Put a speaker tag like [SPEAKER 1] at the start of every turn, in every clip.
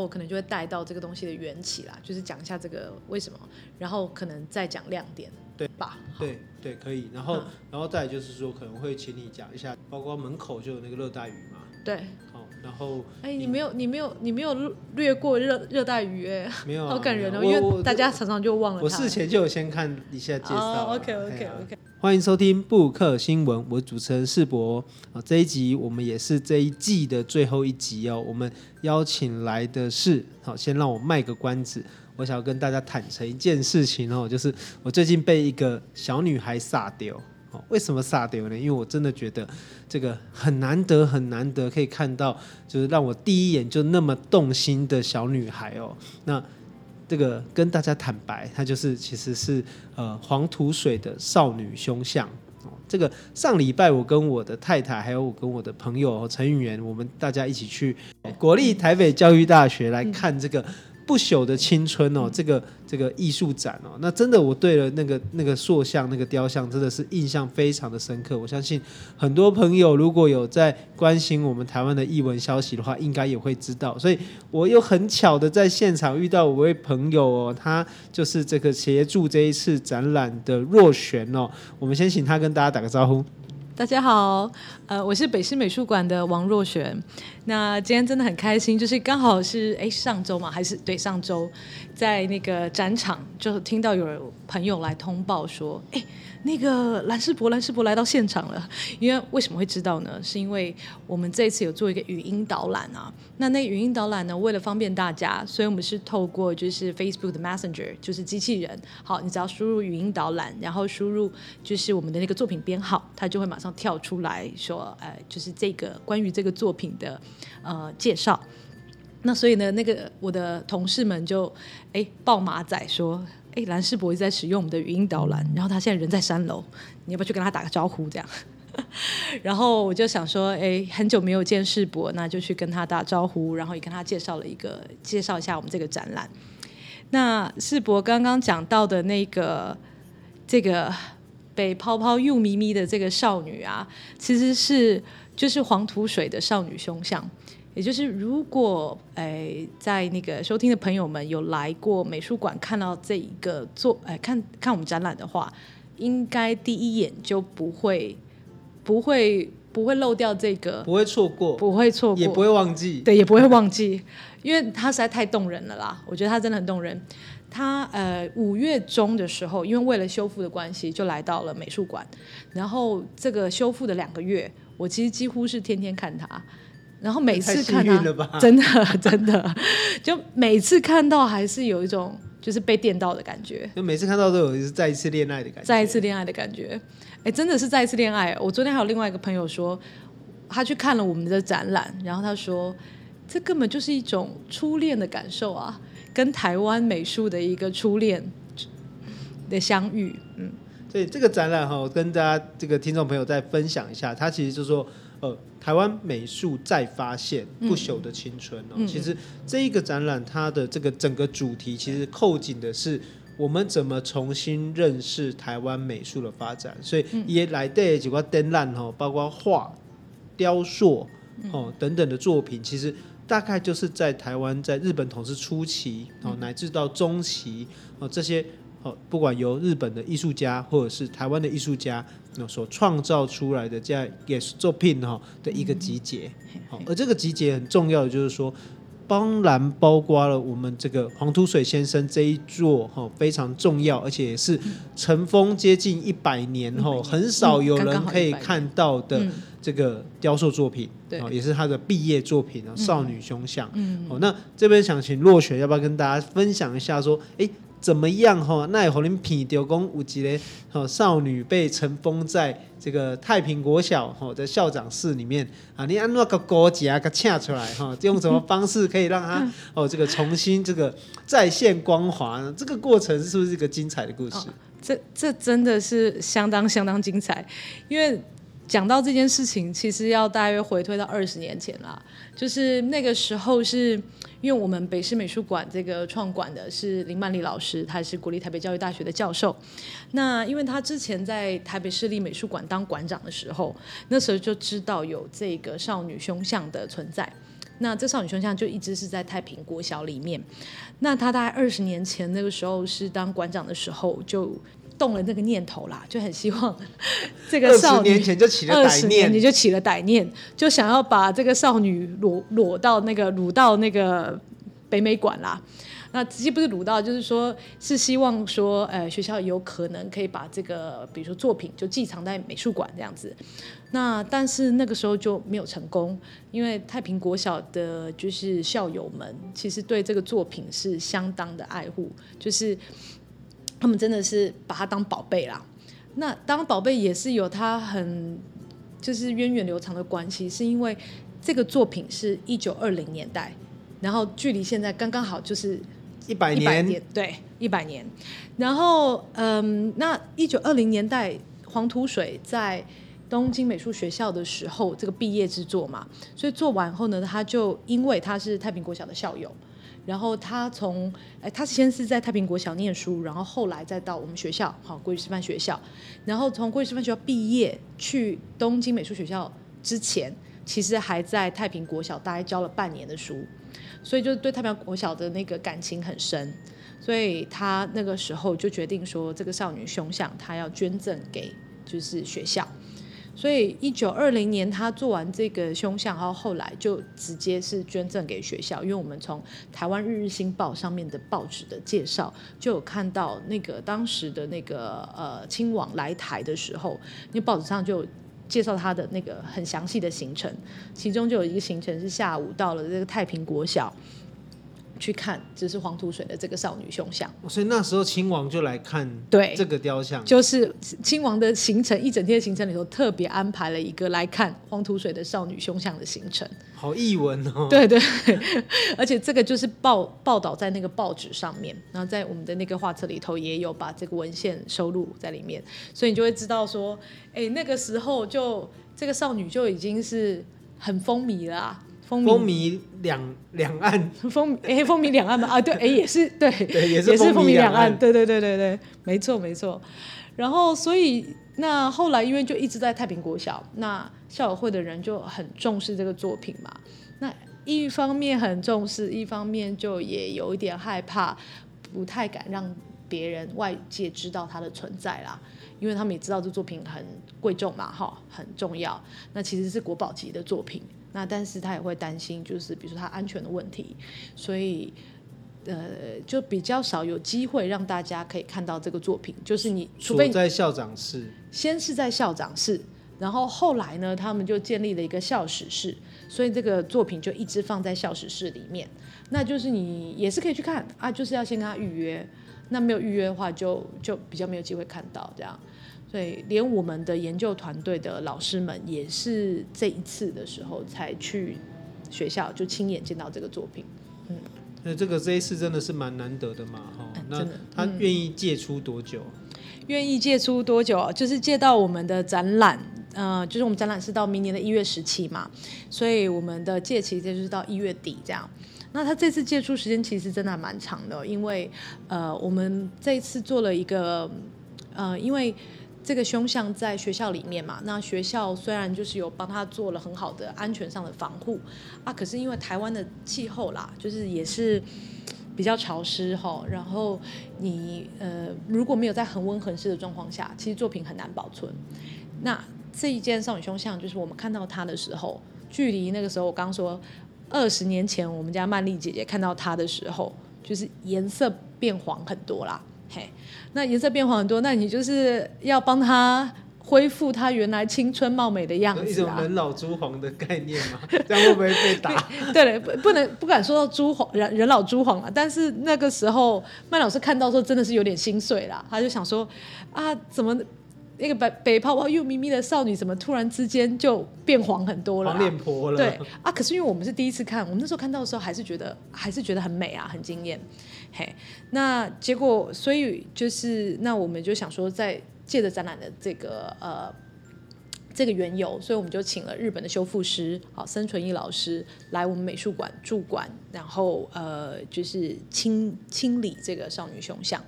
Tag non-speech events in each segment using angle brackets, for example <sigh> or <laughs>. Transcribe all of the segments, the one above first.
[SPEAKER 1] 我可能就會帶到這個東西的緣起啦，就是講一下這個為什麼，然後可能再講亮點，對吧？對
[SPEAKER 2] 對，對，可以。然後，然後再就是說，可能會請你講一下，包括門口就有那個熱帶魚嘛？對。然
[SPEAKER 1] 後，哎，你沒有，你沒有，你沒有略過熱熱帶魚哎、欸，沒有、啊，好感人哦、啊，因為大家常常就忘了、欸。我事前
[SPEAKER 2] 就有先看一下介紹、啊。OK OK OK、啊。歡迎收聽布克新聞，我是主持人世博。這一集我們也是這一季的最後一集哦。我們邀請來的是，好，先讓我賣個關子，我想要跟大家坦誠一件事情哦，就是我最近被一個小女孩殺掉。哦、為什麼撒掉呢？因為我真的覺得，這個很難得很難得，可以看到就是讓我第一眼就那麼動心的小女孩哦。那這個跟大家坦白，她，就是其實是呃黃土水的少女胸像、哦、這個上禮拜我跟我的太太，還有我跟我的朋友陳議員，我們大家一起去國立台北教育大學來看這個。嗯不朽的青春哦，這個這個藝術展哦，那真的我對了那個那個塑像、那個雕像真的是印象非常的深刻。我相信很多朋友如果有在關心我們台灣的藝文消息的話，應該也會知道。所以我又很巧的在現場遇到五位朋友哦，他就是這個協助這一次展覽的若璇哦。我們先請他跟大家打個招呼。
[SPEAKER 1] 大家好，呃，我是北師美術館的王若璇。那今天真的很開心，就是剛好是哎、欸、上周嘛，還是對上周，在那個展場就聽到有朋友來通報說，哎、欸。那個藍世博，藍世博來到現場了。因為為什麼會知道呢？是因為我們這一次有做一個語音導覽啊。那那語音導覽呢，為了方便大家，所以我們是透過就是 Facebook 的 Messenger，就是機器人。好，你只要輸入語音導覽，然後輸入就是我們的那個作品編號，它就會馬上跳出來說，呃、就是這個關於這個作品的呃介紹。那所以呢，那個我的同事們就哎、欸、爆馬仔說。哎、欸，藍士博一直在使用我們的語音導覽，然後他現在人在三樓，你要不要去跟他打個招呼？這樣， <laughs> 然後我就想說，哎、欸，很久沒有見士博，那就去跟他打招呼，然後也跟他介紹了一個，介紹一下我們這個展覽。那士博剛剛講到的那個這個被泡泡又咪咪的這個少女啊，其實是就是黃土水的少女胸像。也就是，如果哎、呃，在那個收聽的朋友們有來過美術館看到這一個做哎、呃、看看我們展覽的話，應該第一眼就不會不會不會漏掉這個，不會錯過，不會錯過，也不會忘記，對，也不會忘記，因為它實在太動人了啦！我覺得它真的很動人。它呃五月中的時候，因為為了修復的關係，就來到了美術館。然後這個修復的兩個月，我其實幾乎是天天看它。然後每次看，真的真的，就每次看到還是有一種就是被電到的感覺。
[SPEAKER 2] 就每次看到都有一次再一次戀愛的感覺。再
[SPEAKER 1] 一次戀愛的感覺，哎，真的是再一次戀愛。我昨天還有另外一個朋友說，他去看了我們的展覽，然後他說，這根本就是一種初戀的感受啊，跟台灣美術的一個初戀的相遇。嗯，所
[SPEAKER 2] 以這個展覽哈，我跟大家這個聽眾朋友再分享一下，他其實就是說，呃。臺灣美術再發現，不朽的青春。嗯嗯、其實這一個展覽，它的這個整個主題，其實扣緊的是我們怎麼重新認識臺灣美術的發展。所以也來的幾個展覽哦，包括畫、雕塑哦、喔、等等的作品，其實大概就是在臺灣，在日本統治初期哦、喔，乃至到中期哦、喔、這些。哦、不管由日本的藝術家或者是台灣的藝術家、哦、所創造出來的這樣也是作品哈、哦、的一個集結，好、嗯哦，而這個集結很重要的就是說，當然包括了我們這個黃土水先生這一座哈、哦、非常重要，而且也是塵封接近一百年後、嗯喔、很少有人可以看到的這個雕塑作品，對、嗯嗯，也是他的畢業作品啊，少女胸像。嗯，嗯哦、那這邊想請若璇要不要跟大家分享一下說，欸怎麼樣哈？那可能片就講有一個少女被塵封在這個太平國小哈的校長室裡面啊。你按哪個國籍啊？給請出來哈？用什麼方式可以讓他哦？這個重新這個再現光華呢？這個過程是不是一個精彩的故事？哦、
[SPEAKER 1] 這這真的是相當相當精彩，因為講到這件事情，其實要大約回推到二十年前啦。就是那個時候是，因為我們北師美術館這個創館的是林曼麗老師，她是國立台北教育大學的教授。那因為她之前在台北市立美術館當館長的時候，那時候就知道有這個少女胸像的存在。那這少女胸像就一直是在太平國小裡面。那她大概二十年前那個時候是當館長的時候就。動了這個念頭啦，就很希望這個少女，20年前就起了歹念，20年前就起了歹念，就想要把這個少女擄擄到那個擄到那個北美館啦。那其實不是擄到，就是說是希望說，呃、欸，學校有可能可以把這個比如說作品就寄藏在美術館這樣子。那但是那個時候就沒有成功，因為太平國小的就是校友們其實對這個作品是相當的愛護，就是。他們真的是把它當寶貝啦。那當寶貝也是有它很就是源遠流長的關係，是因為這個作品是一九二零年代，然後距離現在剛剛好就是一百年，一百年，對，一百年。然後嗯，那一九二零年代黃土水在東京美術學校的時候，這個畢業之作嘛，所以做完後呢，他就因為他是太平國小的校友，然後他從，哎，他先是在太平國小念書，然後後來再到我們學校，好，國語師範學校，然後從國語師範學校畢業去東京美術學校之前，其實還在太平國小大概教了半年的書，所以就對太平國小的那個感情很深，所以他那個時候就決定說，這個少女胸像他要捐贈給就是學校。所以一九二零年他做完這個胸像，然後後來就直接是捐贈給學校，因為我們從台灣日日新報上面的報紙的介紹，就有看到那個當時的那個呃親王來台的時候，那報紙上就介紹他的那個很詳細的行程，其中就有一個行程是下午到了這個太平國小。去看，只是黃土水的這個少女胸像，
[SPEAKER 2] 所以那時候親王就來看這個雕像，就
[SPEAKER 1] 是親王的行程，一整天的行程裡頭特別安排了一個來看黃土水的少女胸像的行程，好逸聞哦，對對，而且這個就是報報道在那個報紙上面，然後在我們的那個畫冊裡頭也有把這個文獻收錄在裡面，所以你就會知道說，哎，那個時候就這個少女就已經是很風靡了啊。風靡，風靡兩兩岸，風哎、欸、風靡兩岸嘛，啊，對哎、欸、也是對，對也是，也是風靡兩岸，對對對對對，沒錯沒錯。然後所以那後來因為就一直在太平國小，那校友會的人就很重視這個作品嘛。那一方面很重視，一方面就也有一點害怕，不太敢讓別人外界知道它的存在啦，因為他們也知道這作品很貴重嘛哈，很重要。那其實是國寶級的作品。那但是他也會擔心，就是比如說他安全的問題，所以，呃，就比較少有機會讓大家可以看到這個作品。就是你除非你在
[SPEAKER 2] 校長室，
[SPEAKER 1] 先是在校長室，然後後來呢，他們就建立了一個校史室，所以這個作品就一直放在校史室裡面。那就是你也是可以去看啊，就是要先跟他預約。那沒有預約的話就，就就比較沒有機會看到這樣。所以，連我們的研究團隊的老師們也是這一次的時候才去學校，就親眼見到這個作品。嗯，
[SPEAKER 2] 那、呃、這個這一次真的是蠻難得的嘛，哈、嗯。那、嗯、他願意借出多久、啊？
[SPEAKER 1] 願意借出多久？就是借到我們的展覽，嗯、呃，就是我們展覽是到明年的一月十七嘛，所以我們的借期就是到一月底這樣。那他這次借出時間其實真的還蠻長的，因為呃，我們這一次做了一個，呃，因為。這個胸像在學校裡面嘛，那學校雖然就是有幫他做了很好的安全上的防護啊，可是因為台灣的氣候啦，就是也是比較潮濕哦，然後你呃如果沒有在恆溫恆濕的狀況下，其實作品很難保存。那這一件少女胸像，就是我們看到它的時候，距離那個時候我剛剛說二十年前，我們家曼麗姐姐看到它的時候，就是顏色變黃很多啦。嘿、hey,，那顏色變黃很多，那你就是要幫他恢復他原來青春貌美的樣子啊！一種人
[SPEAKER 2] 老珠黃的概念嗎、啊？ <laughs> 這樣會不會被打？
[SPEAKER 1] <laughs> 對了，不不能不敢說到珠黃，人人老珠黃嘛。但是那個時候，麥老師看到的時候真的是有點心碎啦。他就想說啊，怎麼那個白白泡泡又咪咪的少女，怎麼突然之間就變黃很多了啦？黃臉婆了？對啊，可是因為我們是第一次看，我們那時候看到的時候，還是覺得還是覺得很美啊，很驚豔。嘿、hey,，那結果，所以就是，那我們就想說，在借着展覽的這個呃這個緣由，所以我們就請了日本的修復師，好，森純一老師來我們美術館駐館，然後呃就是清清理這個少女胸像，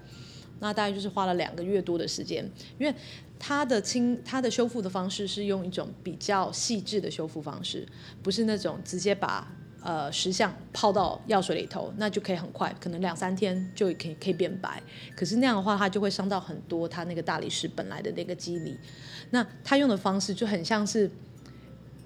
[SPEAKER 1] 那大概就是花了兩個月多的時間，因為他的清他的修復的方式是用一種比較細緻的修復方式，不是那種直接把。呃，石像泡到藥水裡頭，那就可以很快，可能兩三天就可以可以變白。可是那樣的話，它就會傷到很多它那個大理石本來的那個肌理。那他用的方式就很像是，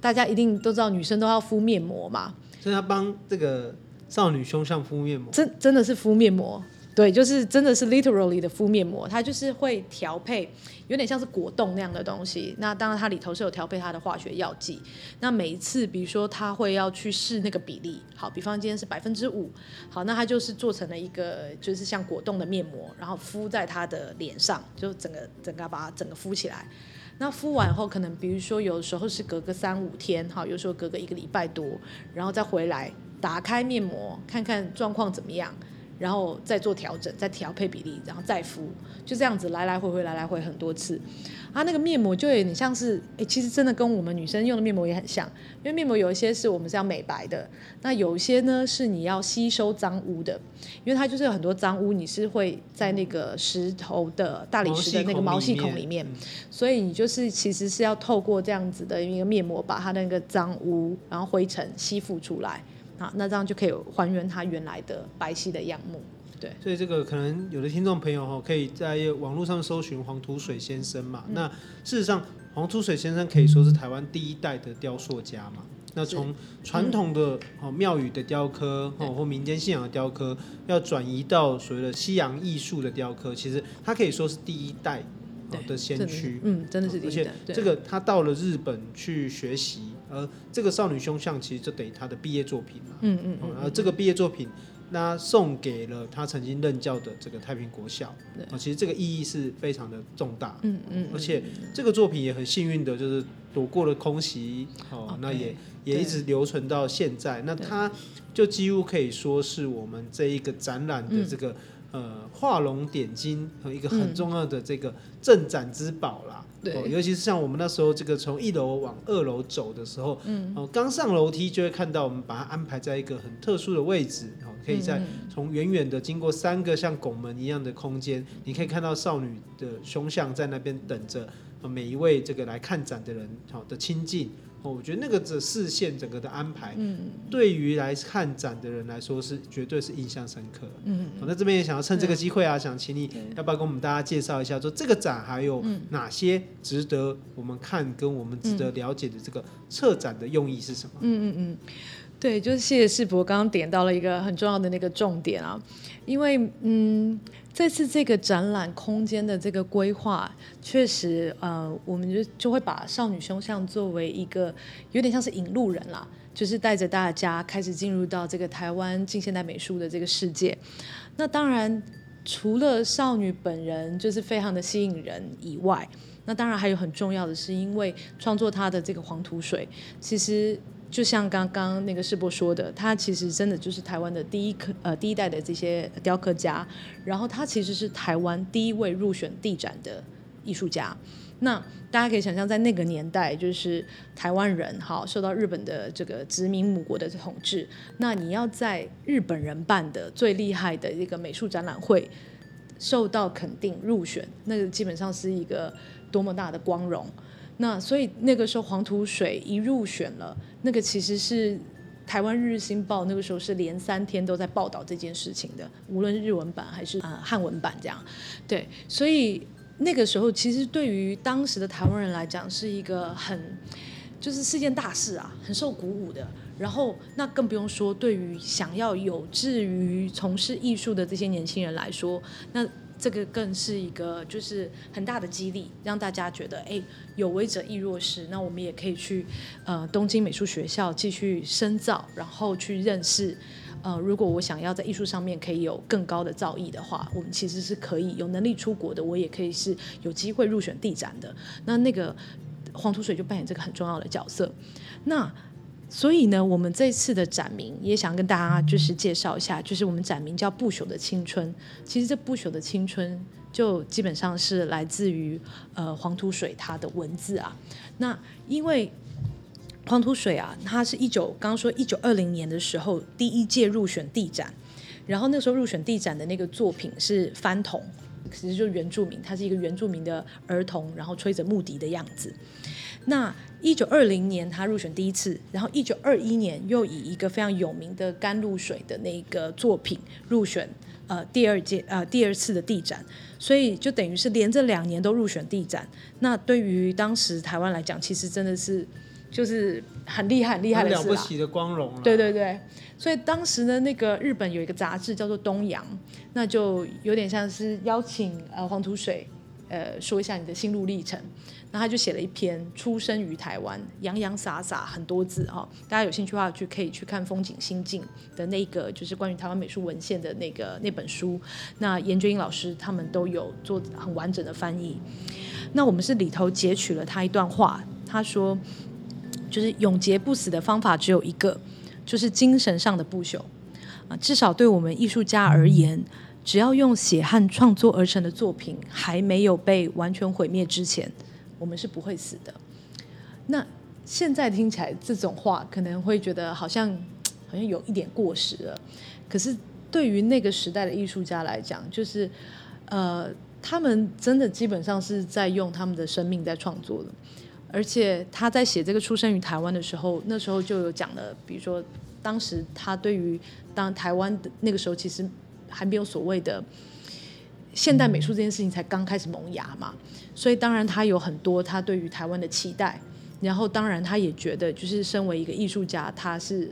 [SPEAKER 1] 大家一定都知道，女生都要敷面膜嘛，
[SPEAKER 2] 所以他幫這個少女胸像敷面
[SPEAKER 1] 膜，真真的是敷面膜。對，就是真的是 literally 的敷面膜，它就是會調配，有點像是果凍那樣的東西。那當然，它裡頭是有調配它的化學藥劑。那每一次，比如說它會要去試那個比例，好，比方今天是百分之五，好，那它就是做成了一個就是像果凍的面膜，然後敷在它的臉上，就整個整個把它整個敷起來。那敷完後，可能比如說有時候是隔個三五天，哈，有時候隔個一個禮拜多，然後再回來打開面膜，看看狀況怎麼樣。然後再做調整，再調配比例，然後再敷，就這樣子來來回回，來來回很多次。它、啊、那個面膜就有點像是，誒，其實真的跟我們女生用的面膜也很像，因為面膜有一些是我們是要美白的，那有一些呢是你要吸收髒污的，因為它就是有很多髒污，你是會在那個石頭的、嗯、大理石的那個毛細孔裡面、嗯，所以你就是其實是要透過這樣子的一個面膜，把它那個髒污然後灰塵吸附出來。啊，那這樣就可以還原他原來的白皙的樣貌，
[SPEAKER 2] 對。所以這個可能有的聽眾朋友哈，可以在網絡上搜尋黃土水先生嘛。嗯、那事實上，黃土水先生可以說是台灣第一代的雕塑家嘛。嗯、那從傳統的哦廟宇的雕刻哦、嗯、或民間信仰的雕刻，要轉移到所謂的西洋藝術的雕刻，其實他可以說是第一代的先驅，嗯，真的是第一代。而且這個他到了日本去學習。而這個少女胸像其實就等於他的畢業作品嘛，嗯嗯，然、嗯啊、這個畢業作品，那送給了他曾經任教的這個太平國校。啊、嗯嗯嗯，其實這個意義是非常的重大，嗯嗯嗯，而且這個作品也很幸運的就是躲過了空襲，嗯、哦，那也、嗯、也一直留存到現在，嗯、那它就幾乎可以說是我們這一個展覽的這個、嗯。嗯呃，畫龍點睛和一個很重要的這個鎮展之寶啦。嗯，對，尤其是像我們那時候這個從一樓往二樓走的時候，嗯，剛上樓梯就會看到我們把它安排在一個很特殊的位置，可以在從遠遠的經過三個像拱門一樣的空間，嗯嗯，你可以看到少女的胸像在那邊等着每一位這個來看展的人的親近。哦，我覺得那個這視線整個的安排，嗯，對於來看展的人來說是絕對是印象深刻的。嗯嗯，那、哦、這邊也想要趁這個機會啊，想請你要不要跟我們大家介紹一下說，說這個展還有哪些值得我們看跟我們值得了解的這個。嗯嗯策展的用意是
[SPEAKER 1] 什麼？嗯嗯嗯，對，就是謝謝世博剛剛點到了一個很重要的那個重點啊，因為嗯，這次這個展覽空間的這個規劃，確實呃，我們就就會把少女胸像作為一個有點像是引路人啦，就是帶着大家開始進入到這個台灣近現代美術的這個世界。那當然，除了少女本人就是非常的吸引人以外。那當然還有很重要的是，因為創作他的這個黃土水，其實就像剛剛那個世博說的，他其實真的就是臺灣的第一呃第一代的這些雕刻家，然後他其實是臺灣第一位入選帝展的藝術家。那大家可以想象在那個年代，就是臺灣人哈受到日本的這個殖民母國的統治，那你要在日本人辦的最厲害的一個美術展覽會受到肯定入選，那個基本上是一個。多麼大的光榮！那所以那個時候黃土水一入選了，那個其實是台灣《日日新報》那個時候是連三天都在報道這件事情的，無論是日文版還是呃漢文版這樣。對，所以那個時候其實對於當時的台灣人來講是一個很就是是件大事啊，很受鼓舞的。然後那更不用說對於想要有志於從事藝術的這些年輕人來說，那。這個更是一個，就是很大的激勵，讓大家覺得，哎，有為者亦若是。那我們也可以去，呃，東京美術學校繼續深造，然後去認識，呃，如果我想要在藝術上面可以有更高的造詣的話，我們其實是可以有能力出國的，我也可以是有機會入選帝展的。那那個黃土水就扮演這個很重要的角色，那。所以呢，我們這次的展名也想跟大家就是介紹一下，就是我們展名叫《不朽的青春》。其實這不朽的青春就基本上是來自於呃黃土水他的文字啊。那因為黃土水啊，他是一九，剛剛說一九二零年的時候第一屆入選帝展，然後那時候入選帝展的那個作品是《蕃童》。其實就原住民，他是一個原住民的兒童，然後吹着木笛的樣子。那一九二零年他入選第一次，然後一九二一年又以一個非常有名的甘露水的那個作品入選，呃，第二屆，呃，第二次的帝展，所以就等於是連着兩年都入選帝展。那對於當時台灣來講，其實真的是就是很厲害、很厲害的了不起
[SPEAKER 2] 的光榮。對對
[SPEAKER 1] 對。所以當時呢，那個日本有一個雜誌叫做《東洋》，那就有點像是邀請呃黃土水，呃說一下你的心路歷程。那他就寫了一篇，出生於台灣，洋洋灑灑，灑很多字，哦，大家有興趣的話，就可以去看《風景心境》的那個，就是關於台灣美術文獻的那個那本書。那顏娟英老師他們都有做很完整的翻譯。那我們是裡頭截取了他一段話，他說，就是永劫不死的方法只有一個。就是精神上的不朽啊！至少對我們藝術家而言，只要用血汗創作而成的作品還沒有被完全毀滅之前，我們是不會死的。那現在聽起來這種話可能會覺得好像好像有一點過時了，可是對於那個時代的藝術家來講，就是呃，他們真的基本上是在用他們的生命在創作的。而且他在寫這個《出生於臺灣》的時候，那時候就有講了，比如說，當時他對於當台灣的那個時候，其實還沒有所謂的現代美術這件事情才剛開始萌芽嘛，所以當然他有很多他對於台灣的期待，然後當然他也覺得，就是身為一個藝術家，他是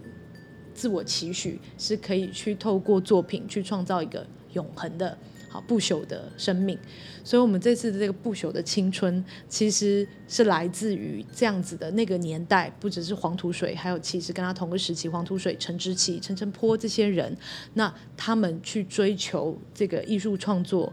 [SPEAKER 1] 自我期許，是可以去透過作品去創造一個永恆的。好，不朽的生命，所以我們這次的這個不朽的青春，其實是來自於這樣子的那個年代，不只是黃土水，還有其實跟他同個時期黃土水、陳植棋、陳澄波這些人，那他們去追求這個藝術創作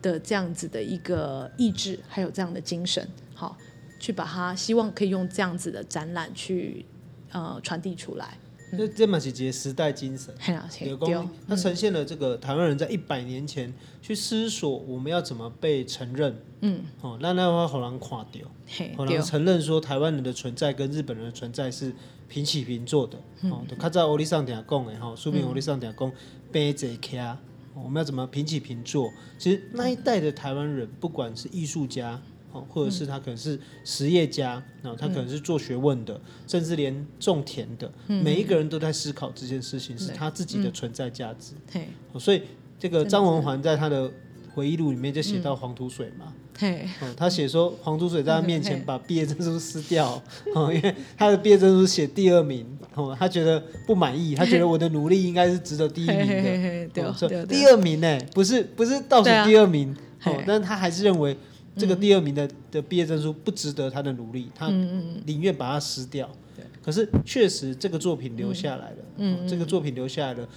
[SPEAKER 1] 的這樣子的一個意志，還有這樣的精神，好去把它，希望可以用這樣子的展覽去呃傳遞出來。
[SPEAKER 2] 那、嗯、這也是一個時代精神，
[SPEAKER 1] 啊、對公，
[SPEAKER 2] 它呈現了這個、嗯、台灣人在一百年前去思索我們要怎麼被承認。嗯，哦，那那話讓人看到，讓人承認說台灣人的存在跟日本人的存在是平起平坐的。嗯、哦，他在歐力上講的吼，說明歐力上聽講、嗯，平起平坐，我們要怎麼平起平坐？其實那一代的台灣人，嗯、不管是藝術家。或者是他可能是實業家，嗯、他可能是做學問的，嗯、甚至連種田的、嗯，每一個人都在思考這件事情是他自己的存在價值。對、嗯，所以這個張文環在他的回憶錄裡面就寫到黃土水嘛，
[SPEAKER 1] 對、嗯嗯
[SPEAKER 2] 嗯，他寫說黃土水在他面前把畢業證書撕掉，哦、嗯，因為他的畢業證書寫第二名， <laughs> 哦，他覺得不滿意，他覺得我的努力應該是值得第一名的，嘿嘿嘿嘿對、對、對、哦、第二名呢、欸？不是不是倒數第二名，啊哦、但是他還是認為。這個第二名的的畢業證書不值得他的努力，他寧願把它撕掉，嗯。可是確實這個作品留下來了，嗯嗯。這個作品留下來了，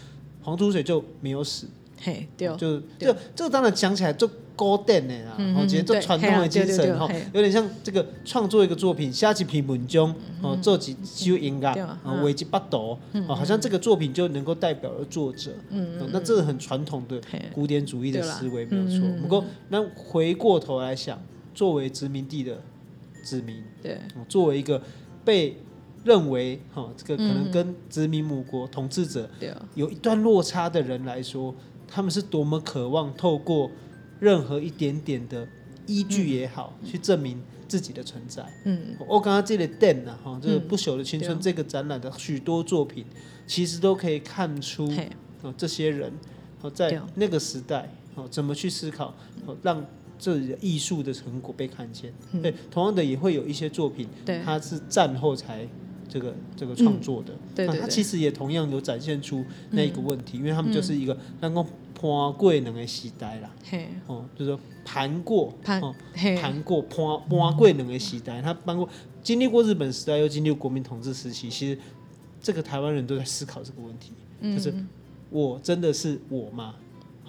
[SPEAKER 2] 黃土水就沒有死。嘿，對，就就這個當然講起來就。古典的啦，我覺得這傳統的精神哈、啊，有點像這個創作一個作品，寫幾篇文章，哦、嗯，做幾首音樂、啊，啊，揮幾把刀，哦、嗯，好像這個作品就能夠代表了作者。嗯嗯。那這是很傳統的古典主義的思維，沒有錯。不過，那回過頭來想，作為殖民地的子民，對，作為一個被認為哈、喔，這個可能跟殖民母國、嗯、統治者有一段落差的人來說，他們是多麼渴望透過。任何一點點的依據也好，嗯，去證明自己的存在。嗯，我剛剛記得 Dan 吶，哈，這個不朽的青春這個展覽的許多作品，嗯，其實都可以看出，哦，這些人哦在那個時代哦怎麼去思考，哦讓這裡的藝術的成果被看見，嗯。對，同樣的也會有一些作品，對，它是戰後才這個這個創作的，嗯、對，對對，那它其實也同樣有展現出那一個問題，嗯，因為他們就是一個剛剛。嗯，讓判過兩個時代啦，嘿，哦，就是說，盤過，盤，盤、喔、過，判判過兩個時代。他盤過，經歷過日本時代，又經歷過國民統治時期，其實這個台灣人都在思考這個問題，就是我真的是我嗎、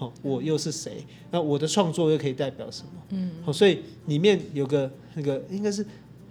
[SPEAKER 2] 嗯喔？我又是誰？那我的創作又可以代表什麼？嗯，喔、所以裡面有個那個應該是、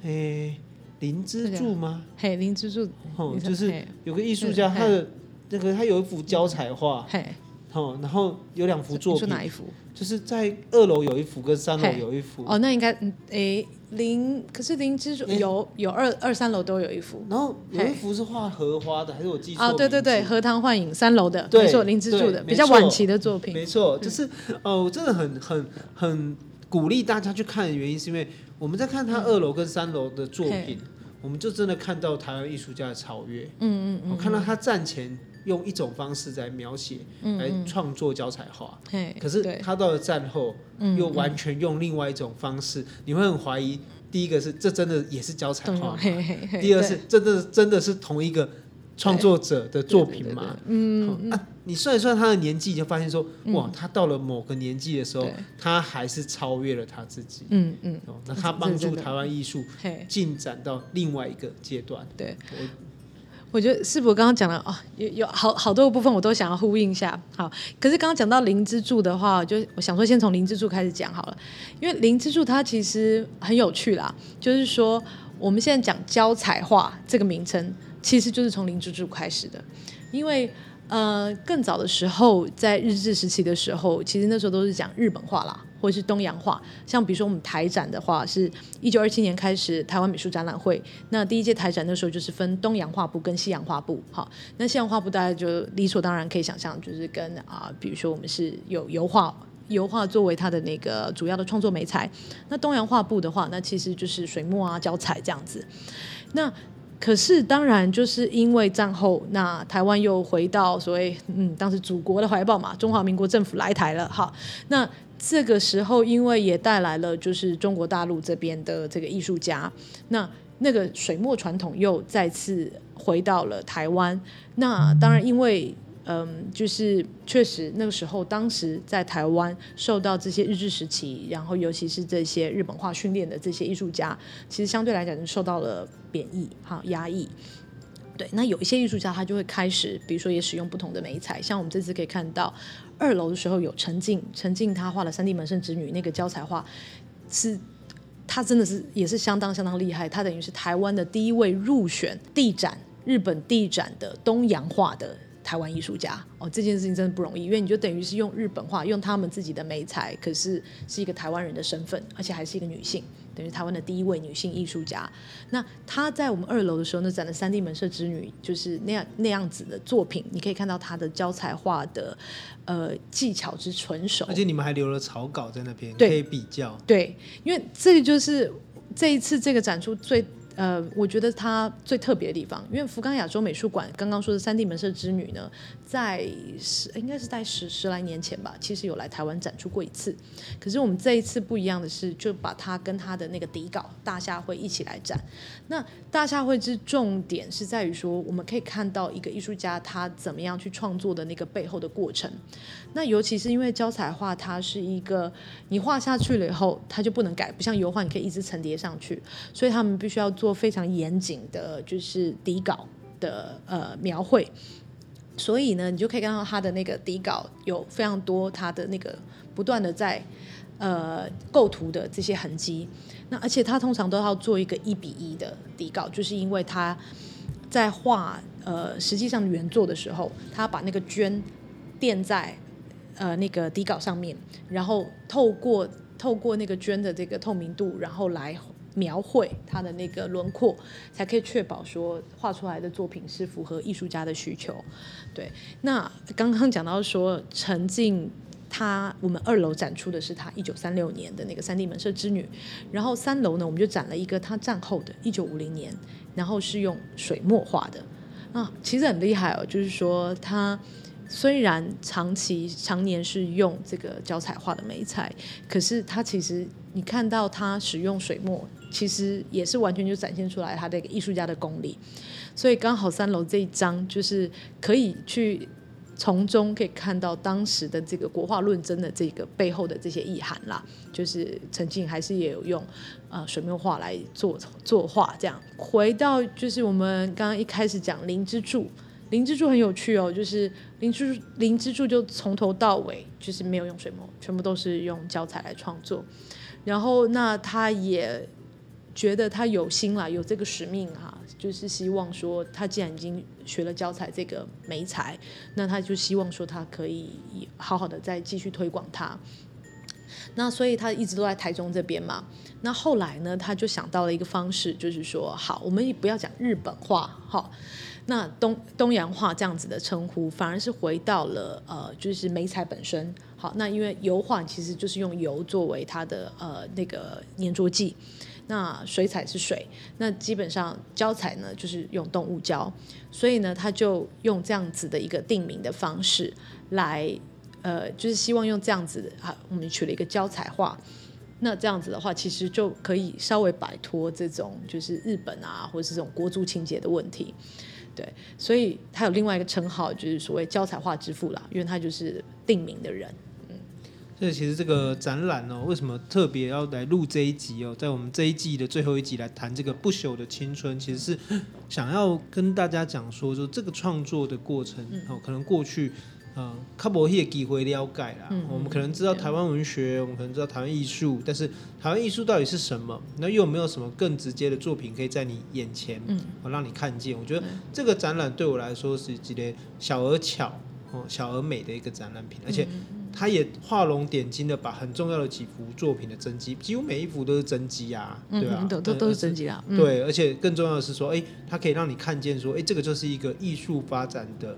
[SPEAKER 2] 欸、林之助
[SPEAKER 1] 嗎？嘿，林之助、嗯，就是有個藝術家，他
[SPEAKER 2] 的那個他有一幅膠彩畫，嘿。嘿哦，然後有兩幅作品，是哪一幅？就是在二樓有一幅，跟三樓有一幅。哦，那
[SPEAKER 1] 應該，哎、欸，林可是林之助有、欸、有，有二二三樓都有一幅。然後有一幅
[SPEAKER 2] 是畫荷花的，還是我記錯？哦，對對對，
[SPEAKER 1] 荷塘幻影，三樓的，對沒錯，林之助的，比較晚期
[SPEAKER 2] 的作品。沒錯，就是哦，真的很很很鼓勵大家去看的原因，是因為我們在看他二樓跟三樓的作品，嗯、我們就真的看到台灣藝術家的超越。嗯嗯嗯，我、哦、看到他戰前。用一種方式來描寫，嗯嗯，來創作膠彩畫。可是他到了戰後，又完全用另外一種方式。嗯嗯，你會很懷疑：第一個是這真的也是膠彩畫嗎？
[SPEAKER 1] 第二是
[SPEAKER 2] 這真的，真的是同一個創作者的作品嗎？對對
[SPEAKER 1] 對、
[SPEAKER 2] 嗯啊？你算一算他的年紀，你就發現說，哇，他到了某個年紀的時候，他還是超越了他自己。那、嗯嗯嗯、他幫助台灣藝術進展到另外一個階段。對。
[SPEAKER 1] 我覺得師傅剛剛講了啊、哦，有有好好多個部分我都想要呼應一下。好，可是剛剛講到林之助的話，就我想說先從林之助開始講好了，因為林之助它其實很有趣啦，就是說我們現在講膠彩畫這個名稱，其實就是從林之助開始的，因為呃，更早的時候，在日治時期的時候，其實那時候都是講日本話啦，或者是東洋話。像比如說我們台展的話，是一九二七年開始台灣美術展覽會，那第一屆台展那時候就是分東洋畫部跟西洋畫部。哈，那西洋畫部大家就理所當然可以想象，就是跟啊、呃，比如說我們是有油畫，油畫作為它的那個主要的創作媒材。那東洋畫部的話，那其實就是水墨啊、膠彩這樣子。那可是，當然，就是因為戰後，那台灣又回到所謂嗯當時祖國的懷抱嘛，中華民國政府來台了。好，那這個時候，因為也帶來了就是中國大陸這邊的這個藝術家，那那個水墨傳統又再次回到了台灣。那當然，因為。嗯，就是確實那個時候，當時在台灣受到這些日治時期，然後尤其是這些日本畫訓練的這些藝術家，其實相對來講受到了貶義、好壓抑。對，那有一些藝術家他就會開始，比如說也使用不同的媒材，像我們這次可以看到二樓的時候有陳進，陳進他畫的《三地門社之女》那個膠彩畫，是他真的是也是相當相當厲害，他等於是台灣的第一位入選帝展、日本帝展的東洋畫的，台灣藝術家哦，這件事情真的不容易，因為你就等於是用日本話，用他們自己的媒材，可是是一個台灣人的身份，而且還是一個女性，等於台灣的第一位女性藝術家。那她在我們二樓的時候呢，那展的《三地門社之女》，就是那樣那樣子的作品，你可以看到她的膠彩畫的呃技巧之純熟，而且你
[SPEAKER 2] 們還留了草稿在那邊可以比較。
[SPEAKER 1] 對，因為這個就是這一次這個展出最。呃，我覺得它最特別的地方，因為福岡亞洲美術館剛剛說的三地門社之女呢，在十應該是在十十來年前吧，其實有來台灣展出過一次。可是我們這一次不一樣的是，就把它跟它的那個底稿大夏會一起來展。那大夏會之重點是在於說，我們可以看到一個藝術家他怎麼樣去創作的那個背後的過程。那尤其是因為膠彩畫，它是一個你畫下去了以後，它就不能改，不像油畫，你可以一直層疊上去。所以他們必須要做非常嚴謹的，就是底稿的呃描繪。所以呢，你就可以看到他的那個底稿有非常多他的那個不斷的在呃構圖的這些痕跡。那而且他通常都要做一個一比一的底稿，就是因為他在畫呃實際上原作的時候，他把那個絹墊在。呃，那個底稿上面，然後透過透過那個絹的這個透明度，然後來描繪它的那個輪廓，才可以確保說畫出來的作品是符合藝術家的需求。對，那剛剛講到說陳進他我們二樓展出的是他一九三六年的那個《三地門社之女》，然後三樓呢，我們就展了一個他戰後的一九五零年，然後是用水墨畫的啊，其實很厲害哦，就是說他。雖然長期常年是用這個膠彩畫的媒材，可是他其實你看到他使用水墨，其實也是完全就展現出來他的一個藝術家的功力。所以剛好三樓這一張就是可以去從中可以看到當時的這個國畫論爭的這個背後的這些意涵啦。就是陳進還是也有用啊、呃、水墨畫來做作畫，作畫這樣回到就是我們剛剛一開始講林之助。林之助很有趣哦，就是林之林之助就從頭到尾就是沒有用水墨，全部都是用膠彩來創作。然後那他也覺得他有心了，有這個使命哈、啊，就是希望說他既然已經學了膠彩這個媒材，那他就希望說他可以好好的再繼續推廣它。那所以他一直都在台中這邊嘛。那後來呢，他就想到了一個方式，就是說好，我們也不要講日本話，好。那東東洋畫這樣子的稱呼，反而是回到了呃，就是媒材本身。好，那因為油畫其實就是用油作為它的呃那個粘着劑，那水彩是水，那基本上膠彩呢就是用動物膠，所以呢，它就用這樣子的一個定名的方式來呃，就是希望用這樣子啊，我們取了一個膠彩畫。那這樣子的話，其實就可以稍微擺脫這種就是日本啊，或者是這種國族情結的問題。對，所以他有另外一個稱號，就是所謂“膠彩畫之父”啦，因為他就是定名的人。
[SPEAKER 2] 嗯，所以其實這個展覽呢、哦，為什麼特別要來錄這一集哦，在我們這一季的最後一集來談這個不朽的青春，其實是想要跟大家講說，說，就這個創作的過程哦，可能過去。嗯，看博藝機會了解啦、嗯。我們可能知道台灣文學，我們可能知道台灣藝術，但是台灣藝術到底是什麼？那又有沒有什麼更直接的作品可以在你眼前，嗯，啊、讓你看見。我覺得這個展覽對我來說是直接小而巧、嗯、小而美的一個展覽品，而且他也畫龍點睛的把很重要的幾幅作品的真跡，幾乎每一幅都是真跡啊，對啊，嗯、都都是真跡啊，對。而且更重要的是說，哎、欸，他可以讓你看見說，哎、欸，這個就是一個藝術發展的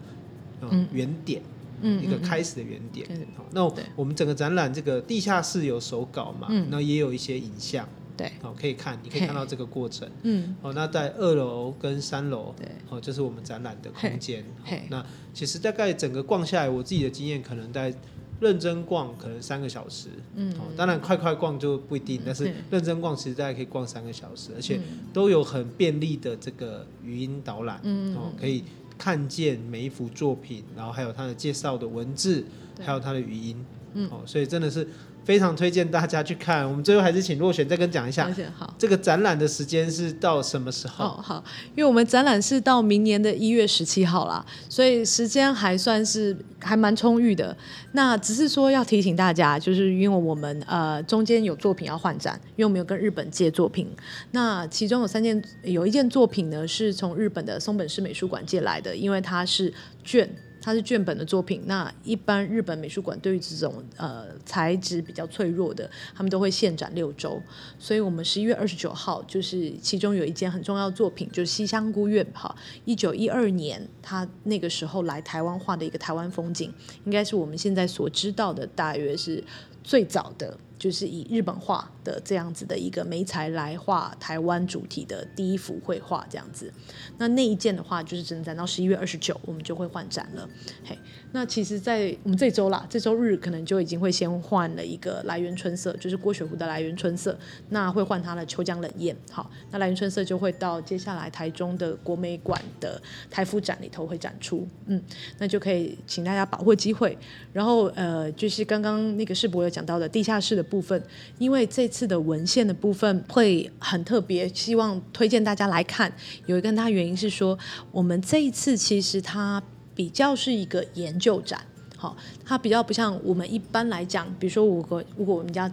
[SPEAKER 2] 嗯原點。嗯
[SPEAKER 1] 嗯嗯、一個開始
[SPEAKER 2] 的原點。哦、那我們整個展覽，這個地下室有手稿嘛，那也有一些影像，對，好、哦、可以看，你可以看到這個過程。嗯，好、哦，那在二樓跟三樓，對，好、哦、這、就是我們展覽的空間。那其實大概整個逛下來，我自己的經驗可能在認真逛，可能三個小時、嗯哦。當然快快逛就不一定、嗯，但是認真逛其實大概可以逛三個小時，嗯、而且都有很便利的這個語音導覽，嗯，哦、可以。看見每一幅作品，然後還有他的介紹的文字，嗯、還有他的語音，嗯，哦，所以真的是。非常推薦大家去看。我們最後還是請若璇再跟講一下。好。這個展覽的時間是到什麼時候？哦
[SPEAKER 1] 好，好，因為我們展覽是到明年的一月十七號啦，所以時間還算是還蠻充裕的。那只是說要提醒大家，就是因為我們呃中間有作品要換展，因為我們有跟日本借作品。那其中有三件，有一件作品呢是從日本的松本市美術館借來的，因為它是卷。它是絹本的作品，那一般日本美術館對於這種呃材質比較脆弱的，他們都會限展六周。所以我們十一月二十九號，就是其中有一件很重要的作品，就是西鄉孤月哈，一九一二年他那個時候來台灣畫的一個台灣風景，應該是我們現在所知道的，大約是最早的。就是以日本畫的這樣子的一個媒材來畫台灣主題的第一幅繪畫，這樣子。那那一件的話，就是只能展到十一月二十九，我們就會換展了。嘿、hey，那其實，在我們這周啦，這周日可能就已經會先換了一個《萊園春色》，就是郭雪湖的《萊園春色》。那會換它的《秋江冷艷》。好，那《萊園春色》就會到接下來台中的國美館的台府展裡頭會展出。嗯，那就可以請大家把握機會。然後，呃，就是剛剛那個世博有講到的地下室的。部分，因為這次的文獻的部分會很特別，希望推薦大家來看。有一個大原因是說，我們這一次其實它比較是一個研究展，好，它比較不像我們一般來講，比如說我如果我們要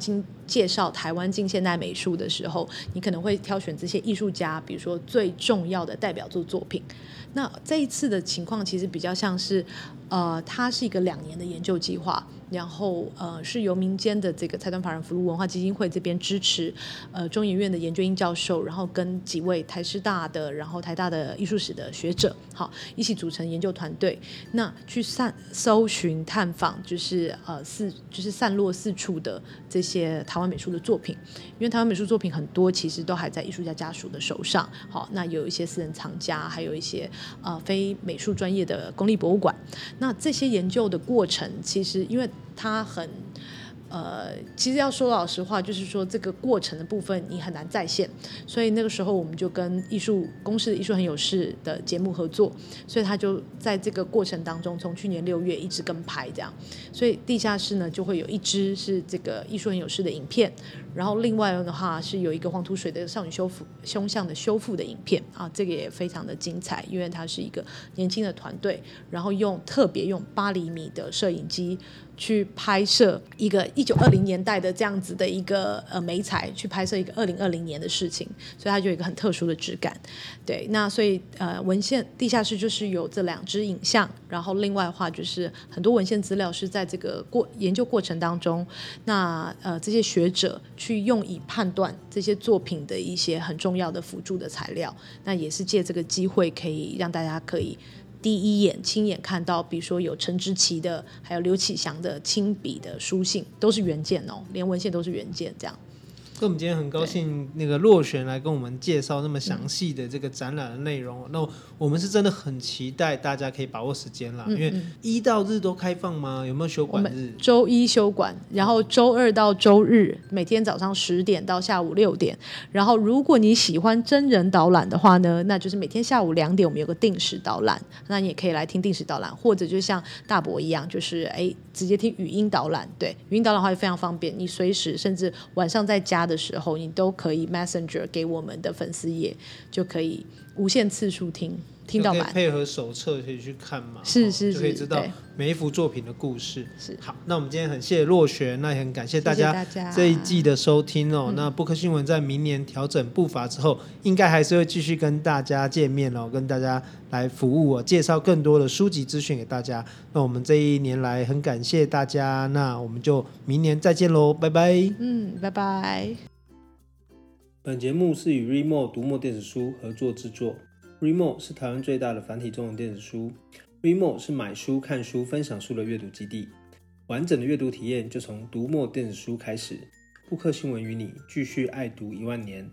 [SPEAKER 1] 介紹台灣近現代美術的時候，你可能會挑選這些藝術家，比如說最重要的代表作作品。那這一次的情況其實比較像是。呃，它是一個兩年的研究計劃，然後呃是由民間的這個財團法人福祿文化基金會這邊支持，呃，中研院的顏娟英教授，然後跟幾位台師大的，然後台大的藝術史的學者，好，一起組成研究團隊，那去散搜尋、探訪，就是呃四，就是散落四處的這些台灣美術的作品，因為台灣美術作品很多，其實都還在藝術家家屬的手上，好，那有一些私人藏家，還有一些呃非美術專業的公立博物館。那這些研究的過程，其實因為它很，呃，其實要說老實話，就是說這個過程的部分你很難再現，所以那個時候我們就跟藝術公司的《藝術很有事》的節目合作，所以他就在這個過程當中，從去年六月一直跟拍這樣，所以地下室呢就會有一支是這個《藝術很有事》的影片。然後另外的話是有一個黃土水的少女修復胸像的修復的影片啊，這個也非常的精彩，因為它是一個年輕的團隊，然後用特別用八厘米的攝影機去拍攝一個一九二零年代的這樣子的一個呃媒材去拍攝一個二零二零年的事情，所以它就有一個很特殊的質感。對，那所以呃文獻地下室就是有這兩支影像，然後另外的話就是很多文獻資料是在這個過研究過程當中，那呃這些學者。去用以判斷這些作品的一些很重要的輔助的材料，那也是借這個機會可以讓大家可以第一眼親眼看到，比如說有陳植棋的，還有劉啟祥的親筆的書信，都是原件哦，連文獻都是原件，這樣。
[SPEAKER 2] 所以我們今天很高興，那個若璇來跟我們介紹那麼詳細的這個展覽的內容。嗯、那我們是真的很期待，大家可以把握時間啦。嗯嗯，因為一到日都開放嗎？有沒有休館日？
[SPEAKER 1] 週一休館，然後週二到週日每天早上十點到下午六點。然後如果你喜歡真人導覽的話呢，那就是每天下午兩點我們有個定時導覽，那你也可以來聽定時導覽，或者就像大伯一樣，就是哎。誒直接聽語音導覽，對，語音導覽的話也非常方便。你隨時，甚至晚上在家的時候，你都可以 Messenger 給我們的粉絲頁，就可以無限次數聽。可以
[SPEAKER 2] 配合手冊可以去看嘛。的哦、是是，是就可以知道每一幅作品的故事。是好，那我們今天很謝謝若璇，那也很感謝大家這一季的收聽哦。謝謝，那布克新聞在明年調整步伐之後，嗯、應該還是會繼續跟大家見面哦，跟大家來服務我，介紹更多的書籍資訊給大家。那我們這一年來很感謝大家，那我們就明年再見嘍，拜拜。
[SPEAKER 1] 嗯，拜拜。
[SPEAKER 2] 本節目是與 Readmoo 讀墨電子書合作制作。Readmoo 是台灣最大的繁體中文電子書。Readmoo 是買書、看書、分享書的閱讀基地，完整的閱讀體驗就從讀墨電子書開始。布克新聞與你繼續愛讀一萬年。